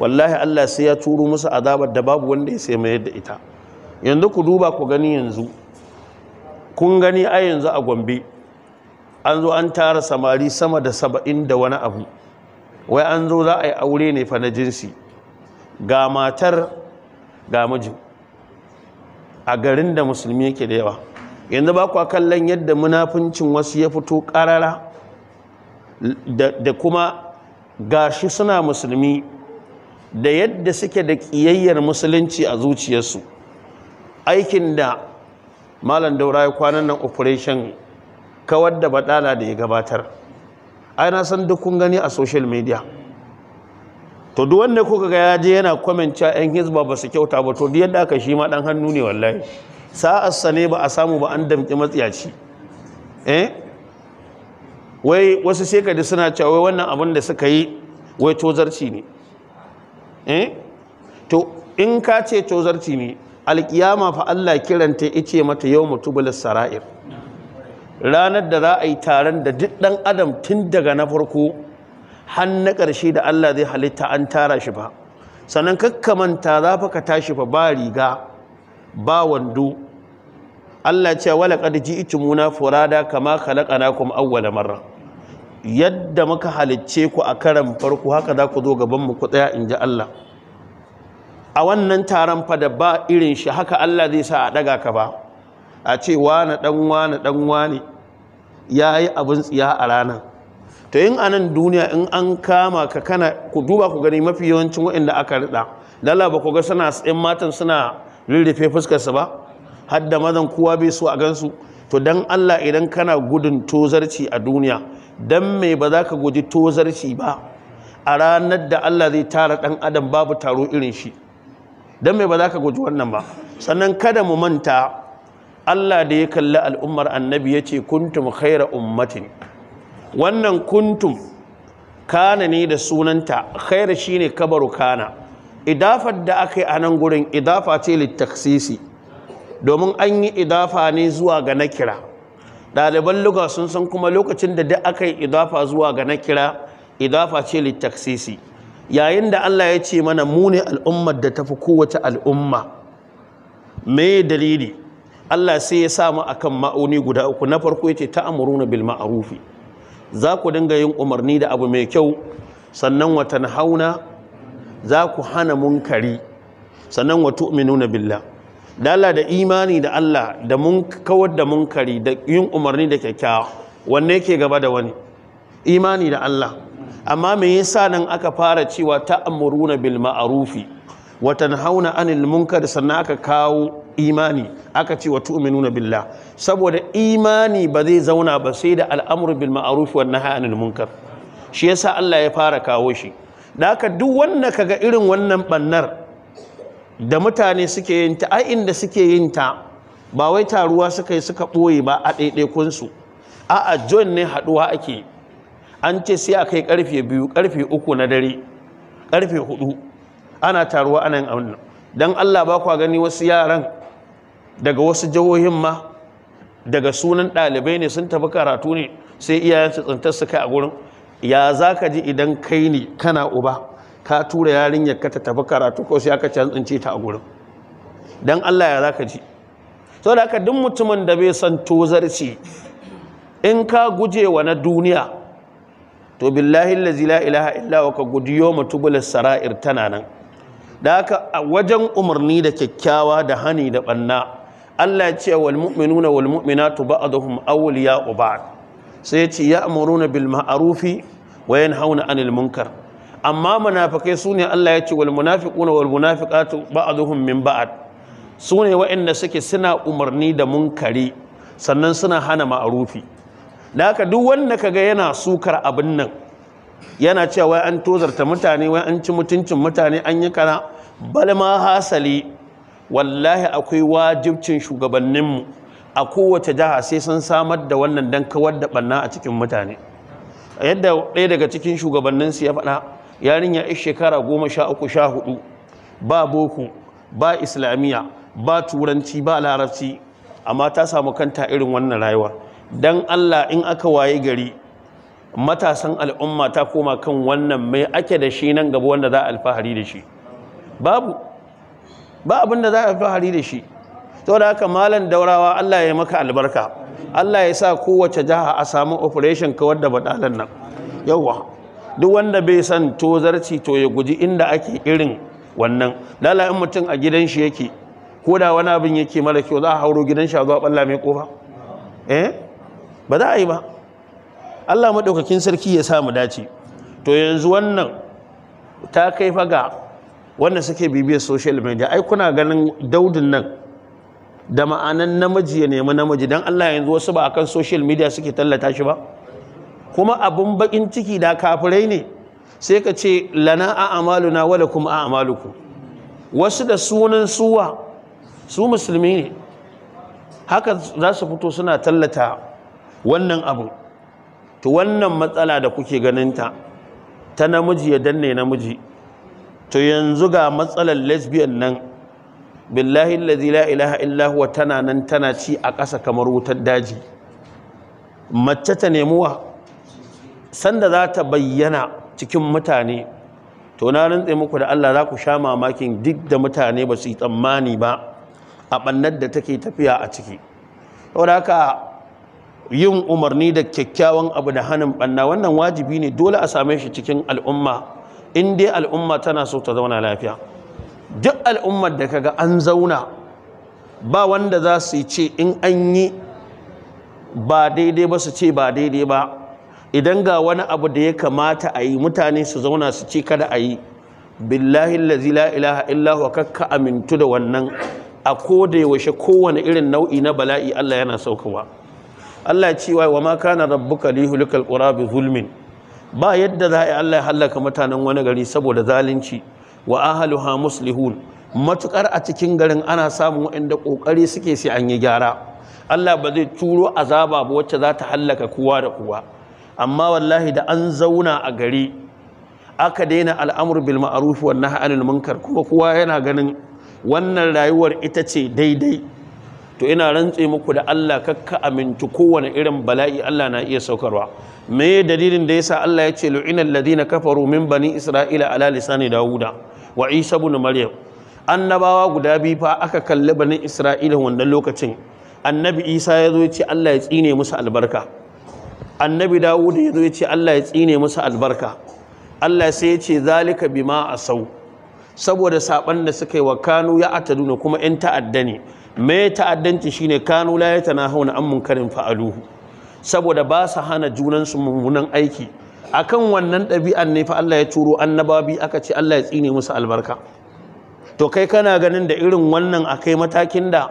wallahi Allah sai ya turo musu azabar da babu wanda ya sai mai da ita yanzu ku duba ku gani yanzu kun gani a yanzu a Gombe an zo an tara samari sama da saba'in da wani abu wai an zo za a yi aure ne fa na jinsi ga matar ga mijin a garin da musulmi yake da yawa yanzu ba kwa kallon yadda munafincin wasu ya fito karara da kuma gashi suna musulmi da yadda suke da ƙiyayyar musulunci a zuciyarsu aikin da malam daura ya kwanan nan operation kawar da baɗala da ya gabatar ai na san duk kun gani a social media to duk wanda kuka ga ya je yana kwamenta yan hizba ba su kyauta ba to duk yadda aka shi ma dan hannu ne wallahi sa ne ba a samu ba an damƙi matsiyaci eh wai wasu sai ka suna cewa wai wannan abin da suka yi wai tozarci ne Eh? to in ka ce tozarci ne alkiyama fa Allah kiranta ce mata yau mutu sarair ranar da za a yi taron da duk dan adam tun daga na farko har na ƙarshe da Allah zai halitta an tara shi ba sannan kakkamanta za fa ka tashi fa ba riga ba wando Allah ce wala qad ji'tumuna furada kama kuma auwala marra yadda muka halicce ku a karan farko haka za ku zo gabanmu ku tsaya in ji Allah a wannan taron fa da ba irin shi haka Allah zai sa a ɗaga ka ba a ce wane ɗan na ɗan ya yi abin tsiya a rana to yin anan duniya in an kama ka kana ku duba ku gani mafi yawancin waɗanda aka rida lalla ba ku ga suna 'yan matan suna rirrife su ba har da mazan kowa bai so a gansu to dan Allah idan kana gudun tozarci a duniya dan me ba za ka guji tozarci ba a ranar da Allah zai tara ɗan adam babu taro irin shi dan me ba za ka guji wannan ba sannan kada mu manta Allah da ya kalli al'ummar annabi ya ce kuntum khaira ummatin wannan kuntum kana ne da sunanta khaira shine kabaru kana idafar da aka yi a nan gurin idafa ce littaksisi domin an yi idafa ne zuwa ga na kira ɗaliban luga sun san kuma lokacin da duk aka yi idafa zuwa ga na kira idafa ce littaksisi yayin da Allah ya ce mana muni al'ummar da tafi kowace al'umma me dalili Allah sai ya sa mu akan ma'auni guda uku na farko yace bilma bil ma'rufi za ku dinga yin umarni da abu mai kyau sannan watan hauna za ku hana munkari sannan wato minuna billah da Allah da imani da Allah da mun kawar da munkari da yin umarni da kyakkyawa wanne yake gaba da wani imani da Allah amma me yasa nan aka fara cewa ta'muruna bil ma'rufi wa tanhauna 'anil munkar sannan aka kawo imani aka ce wa tu'minuna billah saboda imani ba zai zauna ba sai da al'amur bil ma'ruf wa nahyi 'anil munkar shi yasa Allah ya fara kawo shi da haka duk wanda kaga irin wannan bannar da mutane suke yin ta ai inda suke yin ta ba wai taruwa suka yi suka ɓoye ba a ɗaiɗaikunsu a'a john ne haɗuwa ake an ce sai a kai ƙarfe biyu ƙarfe uku na dare ƙarfe hudu ana taruwa ana yin abin don allah ba kwa gani wasu yaran daga wasu jihohin ma daga sunan ɗalibai ne sun tafi karatu ne sai iyayensu tsintar su kai a gurin ya za ka ji idan kai ne kana uba ka tura yarinyar ka ta tafi karatu ko sai aka tsince ta a gurin dan Allah ya zaka ji to da haka duk mutumin da bai san tozarci in ka guje wa na duniya to billahi allazi la ilaha illa wa ka gudiyo mutubul sara'ir tana nan da haka a wajen umarni da kyakkyawa da hani da banna Allah ya ce wal mu'minuna wal mu'minatu ba'dhum awliya'u ba'd sai ya ce ya'muruna bil ma'rufi wa yanhauna 'anil munkar amma munafikai sune Allah ya ce wal munafiquna wal munafiqatu ba'dhum min ba'd sune waɗanda suke suna umarni da munkari sannan suna hana ma'arufi da haka duk wanda kaga yana sukar abin nan yana cewa wai an tozarta mutane wai an ci mutuncin mutane an yi kana bal ma hasali wallahi akwai wajibcin shugabanninmu a kowace jiha sai sun samar da wannan dan kawar da banna a cikin mutane yadda ɗaya daga cikin shugabanninsu ya faɗa yarin ya shekara goma sha uku sha hudu ba boko ba islamiyya ba turanci ba larabci amma ta samu kanta irin wannan rayuwa don allah in aka waye gari matasan al'umma ta koma kan wannan mai ake da shi nan gaba wanda za a alfahari da shi babu ba abinda da za a alfahari da shi to da haka malam daurawa allah ya maka albarka allah ya sa kowace jiha a samu operation kawar da baɗalan nan yawwa duk wanda bai san tozarci to ya guji inda ake irin wannan in mutum a gidan shi yake ko da wani abin yake mara kyau za a hauro gidan shi a zuwa balla mai kofa eh ba za a yi ba Allah maɗaukakin sarki ya sa mu dace to yanzu wannan ta kai faga wanda suke bibiyar social media ai kuna ganin daudin nan da ma'anan namiji ya nemi namiji dan Allah yanzu wasu ba akan social media suke tallata shi ba kuma abin bakin ciki da kafirai ne sai ka ce lana a amaluna wala kuma a amaluku wasu da sunan suwa su musulmi ne haka za su fito suna tallata wannan abu to wannan matsala da kuke ganinta ta namiji ya danne namiji to yanzu ga matsalar lesbian nan billahi allazi la ilaha illahu wa tana nan tana ci a ƙasa kamar wutar daji mace ta nemuwa sanda za ta bayyana cikin mutane to na rantse muku da Allah za ku sha mamakin duk da mutane ba su yi tsammani ba a ɓannar da take tafiya a ciki saboda haka yin umarni da kyakkyawan abu da hannun ɓanna wannan wajibi ne dole a same shi cikin al'umma in dai al'umma tana so ta zauna lafiya duk al'ummar da kaga an zauna ba wanda za su yi ce in an yi ba daidai ba su ce ba daidai ba idan ga wani abu da ya kamata a yi mutane su zauna su ce kada a yi billahi lazi la ilaha illahu kakka amintu da wannan a koda yaushe kowane irin nau'i na bala'i Allah yana saukawa Allah ci wa ma kana rabbuka lihlikal qura bi zulmin ba yadda za a Allah ya halaka mutanen wani gari saboda zalunci wa ahluha muslihun matukar a cikin garin ana samun waɗanda kokari suke sai an yi gyara Allah ba zai turo azaba ba wacce za ta halaka kowa da kowa amma wallahi da an zauna a gari aka daina al'amur bil ma'ruf wan munkar kuma kowa yana ganin wannan rayuwar ita ce daidai to ina rantse muku da Allah kakka amintu kowane irin bala'i Allah na iya saukarwa me dalilin da yasa Allah ya ce lu'inal ladina kafaru min bani isra'ila ala lisani dawuda wa isa ibn maryam annabawa guda biyu fa aka kalli bani isra'ila wannan lokacin annabi isa ya zo ya ce Allah ya tsine musu albarka annabi dawud ya zo ya ce Allah ya tsine musu albarka Allah sai ya ce zalika bima asau saboda saban da suka yi wa kanu ya ataduna kuma in ta'adda ne me ta'addanci shine kanu la hauna an munkarin fa'aluhu saboda ba su hana junan su mummunan aiki akan wannan ɗabi'an ne fa Allah ya turo annababi aka ce Allah ya tsine musu albarka to kai kana ganin da irin wannan akai matakin da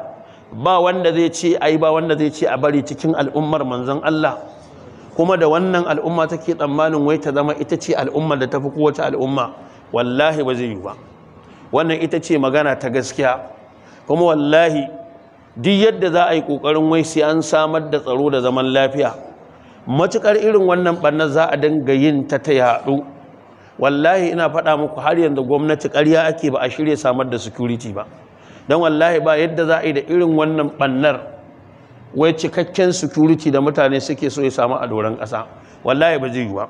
ba wanda zai ce ai ba wanda zai ce a bari cikin al'ummar manzon Allah kuma da wannan al'umma take tsammanin wai ta zama ita ce al'ummar da ta fi kowace al'umma wallahi ba zai yi ba wannan ita ce magana ta gaskiya kuma wallahi duk yadda za a yi kokarin wai sai an samar da tsaro da zaman lafiya matukar irin wannan ɓarnar za a dinga yin ta ta yaɗu wallahi ina faɗa muku har yanzu gwamnati ƙarya ake ba a shirya samar da security ba don wallahi ba yadda za a yi da irin wannan ɓannar wai cikakken security da mutane suke so ya samu a doron ƙasa wallahi ba zai yi ba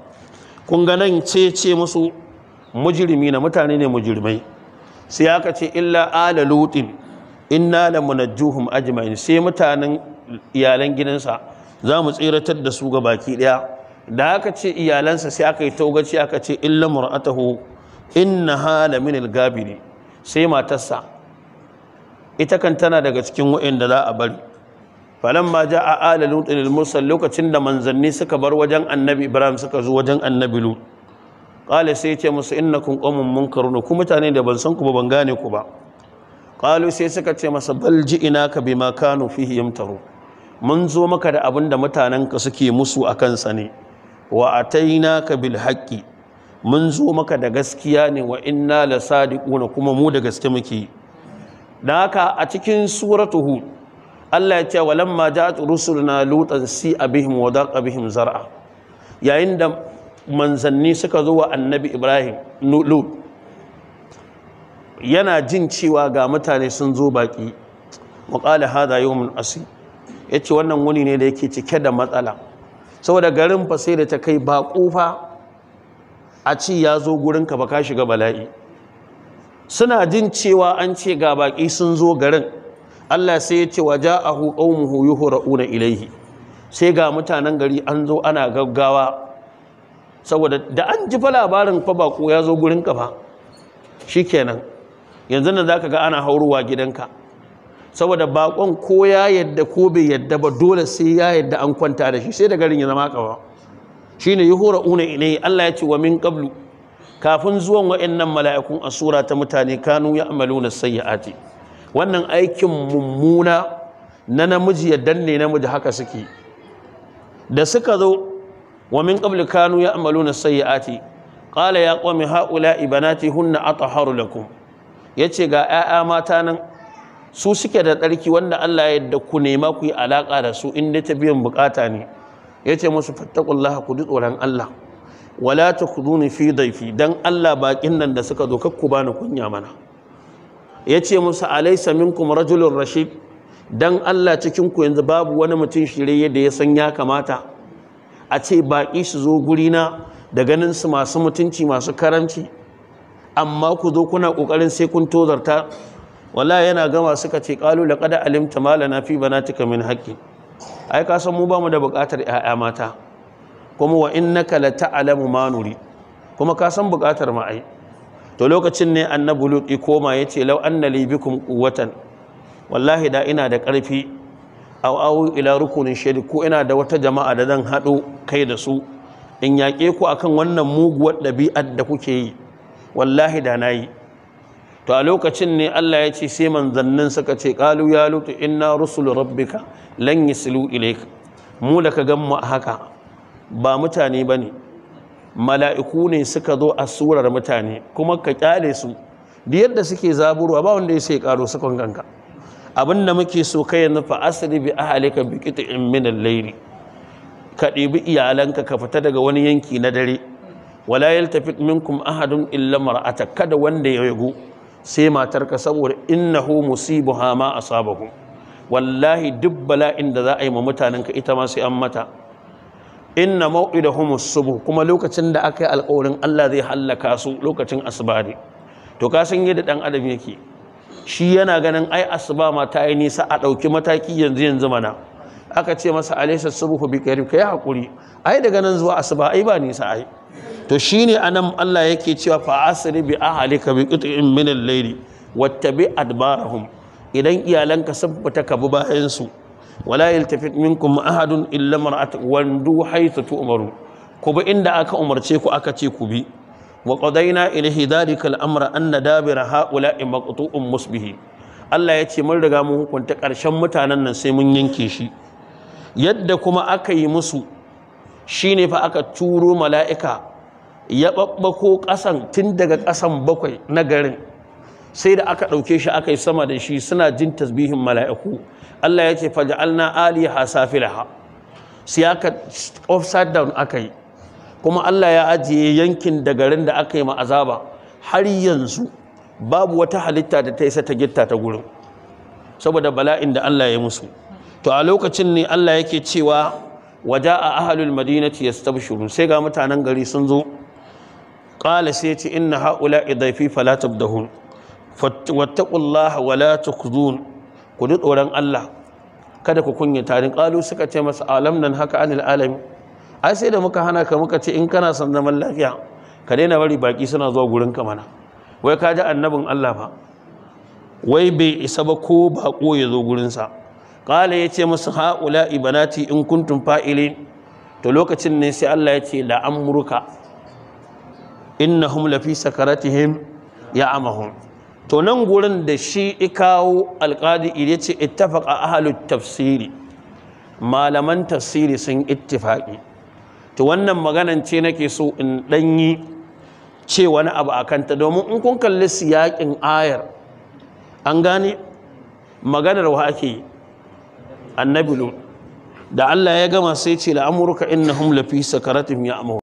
kun ga nan ce ce musu mujirmi na mutane ne mujirmai sai aka ce illa ala lutin inna la munajjuhum ajma'in sai mutanen iyalan gidansa za mu tsiratar da su ga baki daya da aka ce iyalansa sai aka yi taugaci aka ce illa mur'atahu inna hala min al-gabiri sai matarsa ita kan tana daga cikin wa'inda za a bari falamma ja'a ala lutin lil mursal lokacin da manzanni suka bar wajen annabi ibrahim suka zo wajen annabi lut qala sai ce musu innakum qawmun munkarun ku mutane da ban san ku ba ban gane ku ba qalu sai suka ce masa bal ji'inaka bima kanu fihi yamtaru mun zo maka da abin da ka suke musu a kansa ne wa atainaka bil haqqi mun zo maka da gaskiya ne wa inna lasadiquna kuma mu da gaske muke da haka a cikin suratu hud Allah ya ce walamma ja'at rusuluna lutan si abihim wa daqa bihim zar'a yayin da manzanni suka zo wa annabi Ibrahim lut yana jin cewa ga mutane sun zo baki muqala hadha yawmun asi yace wannan wuni ne da yake cike da matsala saboda garin fa sai da ta kai ba kufa a ci ya zo gurin ka ba ka shiga bala'i suna jin cewa an ce ga baki sun zo garin Allah sai ya ce a waja'ahu qaumuhu na ilaihi sai ga mutanen gari an zo ana gaggawa saboda da an ji fa labarin fa bako ya zo gurin ka fa kenan yanzu nan zaka ga ana haurowa gidanka saboda bakon ko ya yadda ko bai yadda ba dole sai ya yadda an kwanta da shi sai da garin ya zama kawa shine una inai Allah ya ce wa min qablu kafin zuwan wa'annan mala'ikun asura ta mutane kanu ya ya'maluna sayyi'ati wannan aikin mummuna na namiji ya danne namiji haka suke da suka zo wa min qabli kanu ya'maluna sayyi'ati qala ya qawmi haula'i banati hunna ku lakum yace ga 'ya'ya mata nan su suke da tsarki wanda Allah ya yarda ku nema ku yi alaka da su in dai ta biyan bukata ne yace musu fattaqullaha ku ji tsoron Allah wala takhuduni fi dayfi dan Allah bakin nan da suka zo kakku bani kunya mana ya ce musu alaisa minkum rajulun rashid dan Allah cikin ku yanzu babu wani mutum shirye da ya san ya kamata a ce baƙi su zo gurina da ganin su masu mutunci masu karamci amma ku zo kuna ƙoƙarin sai kun tozarta wala yana gama suka ce da ƙada alimta ma lana fi bana tuka min haƙƙi ai ka san mu ba mu da buƙatar 'ya'ya mata kuma wa in la ta'lamu ma nuri kuma ka san buƙatar mu ai to lokacin ne annabi lut ya koma ya ce law anna li bikum quwwatan wallahi da ina da ƙarfi aw awu ila rukunin shadid ko ina da wata jama'a da zan haɗo kai da su in yaƙe ku akan wannan muguwar ɗabi'ar da kuke yi wallahi da nayi to a lokacin ne Allah ya ce sai manzannin suka ce qalu ya lutu inna rusul rabbika lan yasilu ilayka mu da ka gan mu haka ba mutane bane mala'iku ne suka zo a surar mutane kuma ka kyale su da yadda suke zaburwa ba wanda ya sai karo sukan kanka abin da muke so kai yanzu fa asri bi ahlika bi qit'in min al-layl ka ɗibi iyalanka ka fita daga wani yanki na dare wala yaltafit minkum ahadun illa mar'ata kada wanda ya yago sai matarka saboda innahu musibuha ma asabahu wallahi duk bala'in da za a yi ma mutanenka ita ma sai an mata inna mau'idahum as kuma lokacin da aka yi alƙawarin Allah zai hallaka su lokacin asuba to ka san yadda dan adam yake shi yana ganin ai asuba ma ta yi nisa a ɗauki mataki yanzu yanzu mana aka ce masa alaysa subuhu bi qarib kai hakuri ai daga nan zuwa asuba ai ba nisa ai to shi shine anan Allah yake cewa fa asri bi ahlika bi qit'in min al-layli wattabi adbarahum idan iyalanka sun fita ka bi bayan su wala yaltafit minkum ahadun illa mar'atu wandu haythu tu'maru ku bi inda aka umarce ku aka ce ku bi wa qadaina ilayhi dhalika al-amra anna dabira ha'ula'i maqtu'un musbihi Allah ya ce mun riga mun hukunta ƙarshen mutanen nan sai mun yanke shi yadda kuma aka yi musu shine fa aka turo mala'ika ya babbako ƙasan tun daga ƙasan bakwai na garin sai da aka ɗauke shi aka yi sama da shi suna jin tasbihin mala'iku Allah ya ce faja'alna aliha safilaha sai aka offside down aka yi kuma Allah ya ajiye yankin da garin da aka yi ma'azaba har yanzu babu wata halitta da ta yi sata gitta ta gurin saboda bala'in da Allah ya musu to a lokacin ne Allah yake cewa a waja'a ahlul madinati shiru sai ga mutanen gari sun zo ƙala sai ya ce inna haula'i dhaifi da hun. wattaqullaha wala tukzun ku ji tsoron Allah kada ku kunya tarin qalu suka ce masa alam nan haka anil alami ai sai da muka hana ka muka ce in kana son zaman lafiya ka daina bari baki suna zuwa gurin ka mana wai ka ji annabin Allah fa wai bai isa ba ko bako ya zo gurinsa kala ya ce musu ha'ula ibanati in kuntum fa'ili to lokacin ne sai Allah ya ce la'amurka innahum lafi sakaratihim ya amahun to nan gurin da shi ikawo alƙadi ya ce ittafaqa ahlut tafsiri malaman tafsiri sun ittifaqi to wannan maganan ce nake so in danyi ce wani abu a kanta domin in kun kalli siyakin ayar an gane maganar wa ake annabi da Allah ya gama sai ce la'amurka innahum lafi sakaratihim ya'mahu